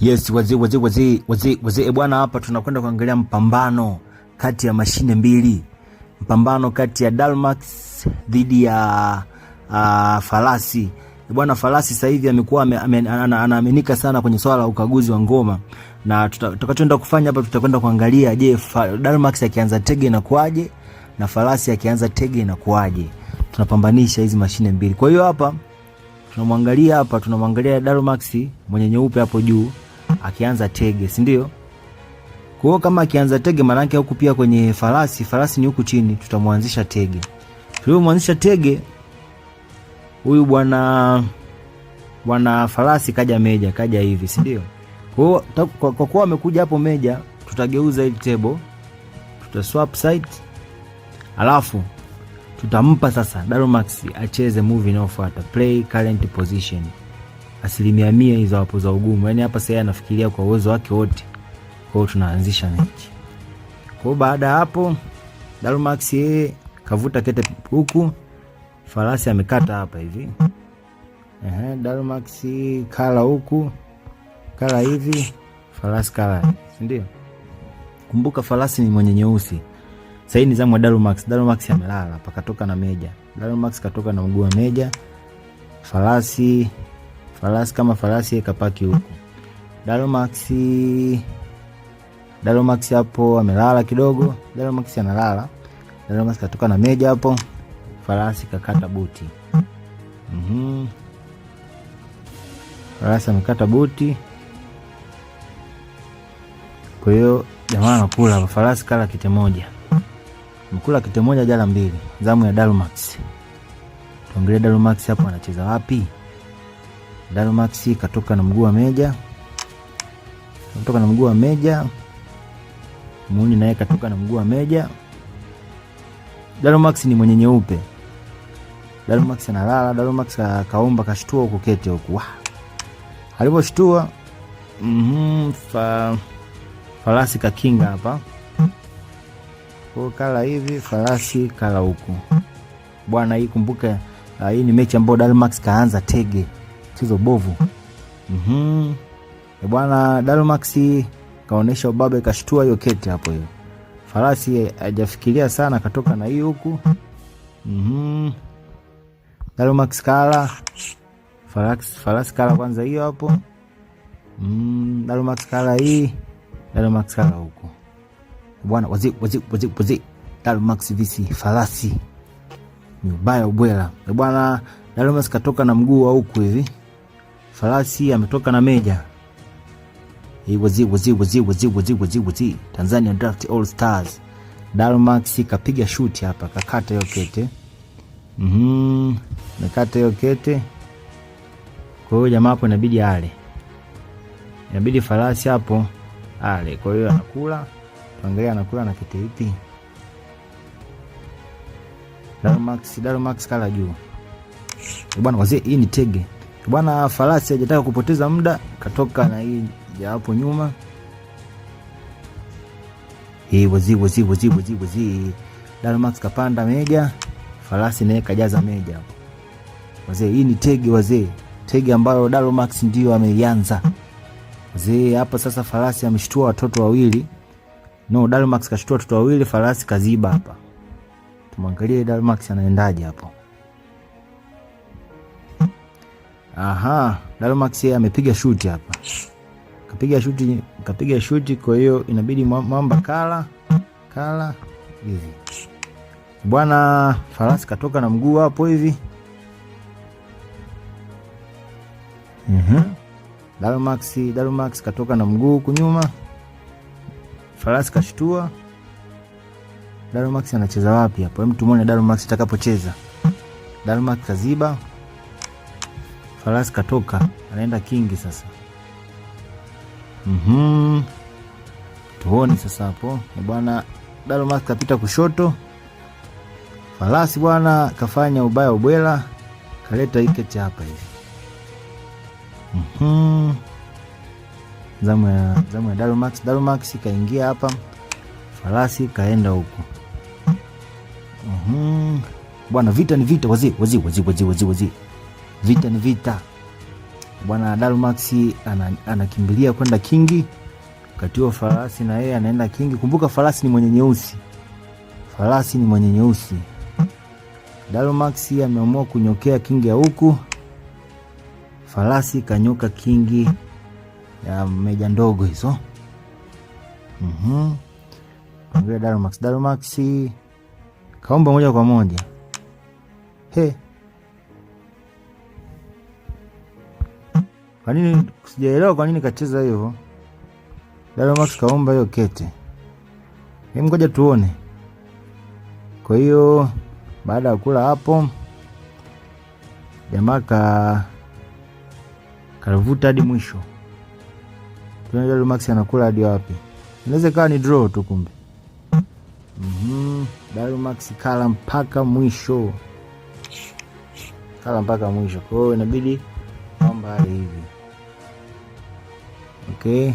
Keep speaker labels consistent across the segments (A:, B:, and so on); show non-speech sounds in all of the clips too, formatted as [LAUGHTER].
A: Yes wazee wazee wazee wazee wazee, eh, bwana, hapa tunakwenda kuangalia mpambano kati ya mashine mbili, mpambano kati ya Dalmax dhidi ya uh, ah, Falasi eh, bwana. Falasi sasa hivi amekuwa anaaminika sana kwenye swala la ukaguzi wa ngoma, na tutakachoenda kufanya hapa tutakwenda kuangalia, je, Dalmax akianza tege inakuaje na Falasi akianza tege inakuaje? Tunapambanisha hizi mashine mbili. Kwa hiyo hapa tunamwangalia hapa tunamwangalia Dalmax mwenye nyeupe hapo juu akianza tege, si ndio? Kwa hiyo kama akianza tege, maanake huku pia kwenye farasi, farasi ni huku chini, tutamwanzisha tege. Tulipomwanzisha tege, huyu bwana bwana farasi kaja meja, kaja hivi, si ndio? Kwa kuwa amekuja hapo meja, tutageuza hili table, tuta swap site, alafu tutampa sasa Daromax acheze move inayofuata, play current position asilimia mia hizo hapo za ugumu. Yani hapa sasa anafikiria kwa uwezo wake wote, kwa hiyo tunaanzisha mechi. Kwa hiyo baada ya hapo Dalmax yeye kavuta kete huku, farasi amekata hapa hivi. Ehe, Dalmax kala huku, kala hivi, farasi kala, si ndio? Kumbuka farasi ni mwenye nyeusi. Sasa hii ni zamu ya Dalmax. Dalmax amelala pakatoka na meja. Dalmax katoka na mguu wa meja, farasi farasi kama farasi kapaki huko. Dalomax Dalomax hapo amelala kidogo. Dalomax analala. Dalomax katoka na meja hapo, farasi kakata buti. mm Farasi amekata buti, kwa hiyo jamaa anakula. Farasi kala kite moja, mkula kite moja, jala mbili. Zamu ya Dalomax, tuangalie Dalomax hapo anacheza wapi? Dalmax katoka na mguu wa meja, katoka na mguu wa meja. Muni naye katoka na mguu wa meja. Dalmax ni mwenye nyeupe. Dalmax analala. Dalmax kaomba, kashtua huko kete huko. Aliposhtua mm -hmm, fa, farasi kakinga hapa kwa kala hivi, farasi kala huku bwana. Hii kumbuka, ah, hii ni mechi ambayo Dalmax kaanza tege sizo bovu. mm -hmm. Bwana Dalmax kaonyesha ubaba ikashtua hiyo keti hapo. Hiyo farasi eh, ajafikiria sana, katoka na hii huku. mm -hmm. Dalmax kala farasi, farasi kala kwanza hiyo hapo. mm, Dalmax kala hii, Dalmax kala huku bwana, wazi wazi wazi wazi. Dalmax visi farasi ni ubaya ubwela eh, bwana. Dalmax katoka na mguu wa huku hivi Farasi ametoka na Meja. Iwziwziwziwziwziwziwzi Tanzania Draft All Stars. Dalmax kapiga shuti hapa, kakata hiyo kete. Mhm, nakata hiyo kete. Kwa hiyo jamaa hapo inabidi ale, inabidi farasi hapo ale. Kwa hiyo anakula, tuangalia anakula na kete ipi? Dalmax, Dalmax kala juu bwana wazee, hii ni tege Bwana Farasi ajataka kupoteza muda, katoka na hii ya hapo nyuma hii wazi wazi wazi wazi wazi. Dalmax kapanda meja Farasi naye kajaza meja hapo. Wazee, hii ni tege wazee, tege ambayo Dalmax ndio ameianza wazee. Hapa sasa Farasi ameshtua watoto wawili, no, Dalmax kashtua watoto wawili, Farasi kaziba hapa. Tumwangalie Dalmax anaendaje hapo. Aha, Max yeye amepiga shuti hapa, kapiga shuti, kapiga shuti. Kwa hiyo inabidi mwamba kala kala hivi bwana. Farasi katoka na mguu hapo hivi. Mhm, Dalo Max katoka na mguu kunyuma, farasi kashtua. Max anacheza wapi hapo? Hem, tumuone Max atakapocheza. Max kaziba Farasi katoka, anaenda kingi sasa. mm-hmm. Tuone sasa hapo eh, bwana. Dalmas kapita kushoto, farasi bwana kafanya ubaya ubwela, kaleta iketi hapa hivi. mm-hmm. Zamu ya, zamu ya Dalmax. Dalmax kaingia hapa, farasi kaenda huku mm-hmm. Bwana, vita ni vita, wazi wazi wazi wazi wazi Vita ni vita bwana. Dalmax anakimbilia ana kwenda Kingi, wakati huo farasi na yeye anaenda Kingi. Kumbuka farasi ni mwenye nyeusi, farasi ni mwenye nyeusi. Dalmax ameamua kunyokea Kingi ya huku, farasi kanyoka Kingi ya meja ndogo hizo. mm -hmm. Dalmax Dalmax kaomba moja kwa moja. He. Kwa nini sijaelewa, kwa nini kacheza hivyo? Max kaomba hiyo kete, ngoja tuone. Kwa hiyo baada ya kula hapo, jamaa ka kavuta hadi mwisho. Tunaona Max anakula hadi wapi? Inaweza ikawa ni draw tu, kumbe mm-hmm. Max kala mpaka mwisho, kala mpaka mwisho, kwa hiyo inabidi mbali hivi okay.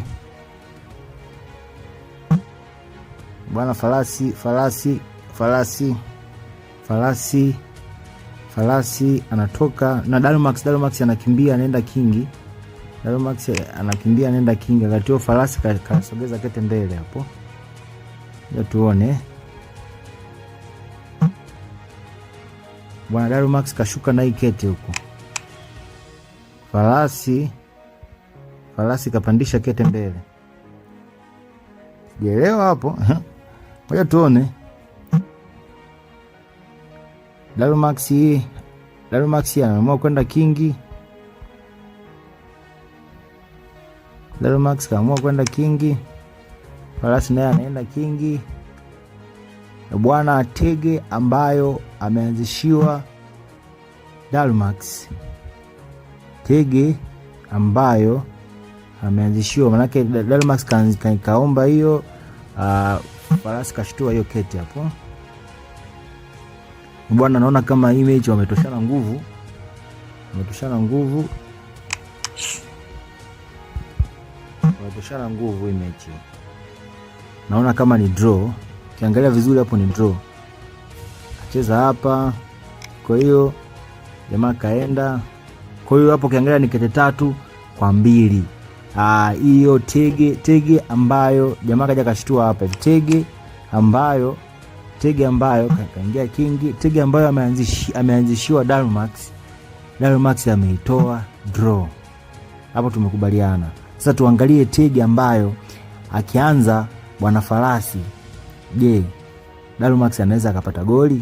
A: Bwana farasi farasi farasi farasi farasi anatoka na Dalmax. Dalmax anakimbia anaenda kingi. Dalmax anakimbia anaenda kingi, wakati huo farasi kasogeza kete mbele hapo, ya tuone bwana Dalmax kashuka na hii kete huko Farasi farasi kapandisha kete mbele. Sijaelewa hapo, [LAUGHS] ngoja tuone. Dalumax Dalumax anaamua kwenda kingi. Dalumax kaamua kwenda kingi, farasi naye anaenda kingi. Bwana atege ambayo ameanzishiwa Dalmax tege ambayo ameanzishiwa, manake Dalmax kaomba hiyo ah, farasi, kashtua hiyo kete hapo bwana. Naona kama image wametoshana nguvu, wametoshana nguvu, wametoshana nguvu image. Naona kama ni draw, ukiangalia vizuri hapo ni draw, acheza hapa. Kwa hiyo jamaa kaenda kwa hiyo hapo ukiangalia ni kete tatu kwa mbili. Ah, hiyo tege tege ambayo jamaa kaja kashtua hapa, tege ambayo tege ambayo kaingia kingi, tege ambayo ameanzishi, ameanzishiwa Dalmax. Dalmax ameitoa draw hapo, tumekubaliana. Sasa tuangalie tege ambayo akianza bwana Farasi, je, Dalmax anaweza akapata goli?